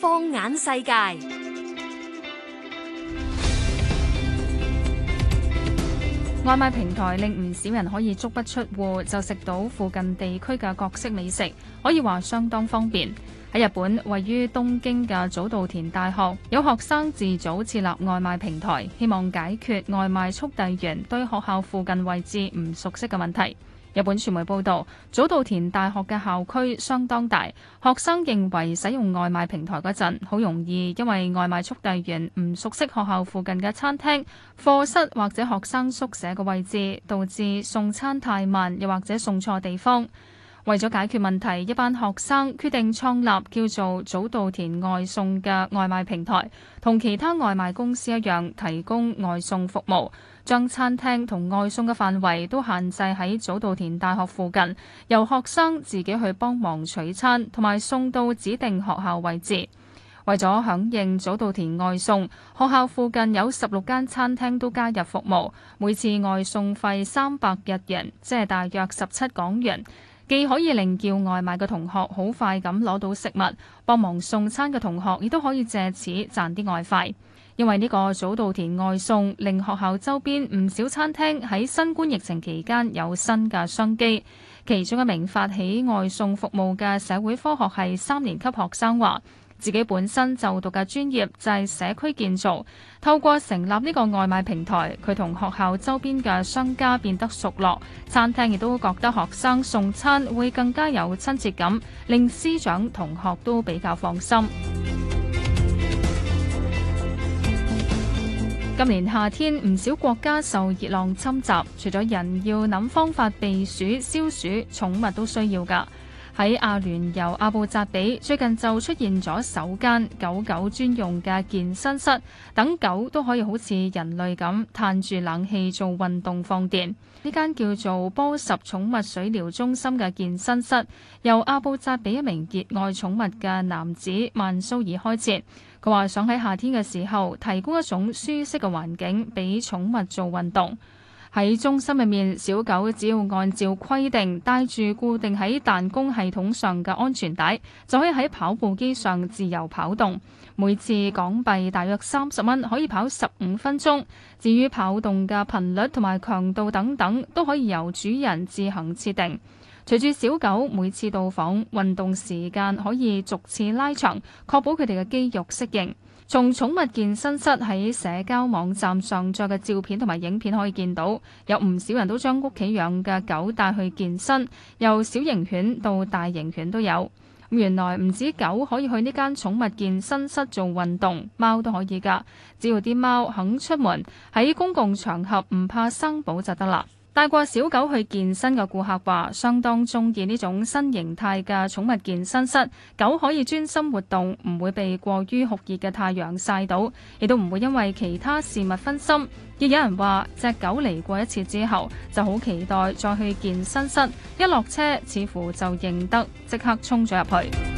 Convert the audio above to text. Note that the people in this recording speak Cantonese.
放眼世界，外賣平台令唔少人可以足不出戶就食到附近地區嘅各式美食，可以話相當方便。喺日本，位於東京嘅早稻田大學有學生自組設立外賣平台，希望解決外賣速遞員對學校附近位置唔熟悉嘅問題。日本傳媒報導，早稻田大學嘅校區相當大，學生認為使用外賣平台嗰陣，好容易因為外賣速遞員唔熟悉學校附近嘅餐廳、課室或者學生宿舍嘅位置，導致送餐太慢，又或者送錯地方。為咗解決問題，一班學生決定創立叫做早稻田外送嘅外賣平台，同其他外賣公司一樣提供外送服務，將餐廳同外送嘅範圍都限制喺早稻田大學附近，由學生自己去幫忙取餐同埋送到指定學校位置。為咗響應早稻田外送，學校附近有十六間餐廳都加入服務，每次外送費三百日元，即係大約十七港元。既可以令叫外賣嘅同學好快咁攞到食物，幫忙送餐嘅同學亦都可以借此賺啲外快。因為呢個早稻田外送令學校周邊唔少餐廳喺新冠疫情期間有新嘅商機。其中一名發起外送服務嘅社會科學系三年級學生話。自己本身就讀嘅專業就係社區建造，透過成立呢個外賣平台，佢同學校周邊嘅商家變得熟絡，餐廳亦都覺得學生送餐會更加有親切感，令師長同學都比較放心。 今年夏天唔少國家受熱浪侵襲，除咗人要諗方法避暑消暑，寵物都需要㗎。喺阿聯酋阿布扎比，最近就出現咗首間狗狗專用嘅健身室，等狗都可以好似人類咁嘆住冷氣做運動放電。呢間叫做波什寵物水療中心嘅健身室，由阿布扎比一名熱愛寵物嘅男子曼蘇爾開設。佢話想喺夏天嘅時候，提供一種舒適嘅環境俾寵物做運動。喺中心入面，小狗只要按照規定帶住固定喺彈弓系統上嘅安全帶，就可以喺跑步機上自由跑動，每次港幣大約三十蚊可以跑十五分鐘，至於跑動嘅頻率同埋強度等等，都可以由主人自行設定。隨住小狗每次到訪，運動時間可以逐次拉長，確保佢哋嘅肌肉適應。從寵物健身室喺社交網站上載嘅照片同埋影片可以見到，有唔少人都將屋企養嘅狗帶去健身，由小型犬到大型犬都有。原來唔止狗可以去呢間寵物健身室做運動，貓都可以㗎，只要啲貓肯出門喺公共場合唔怕生保就得啦。帶過小狗去健身嘅顧客話，相當中意呢種新形態嘅寵物健身室，狗可以專心活動，唔會被過於酷熱嘅太陽曬到，亦都唔會因為其他事物分心。亦有人話，隻狗嚟過一次之後，就好期待再去健身室，一落車似乎就認得，即刻衝咗入去。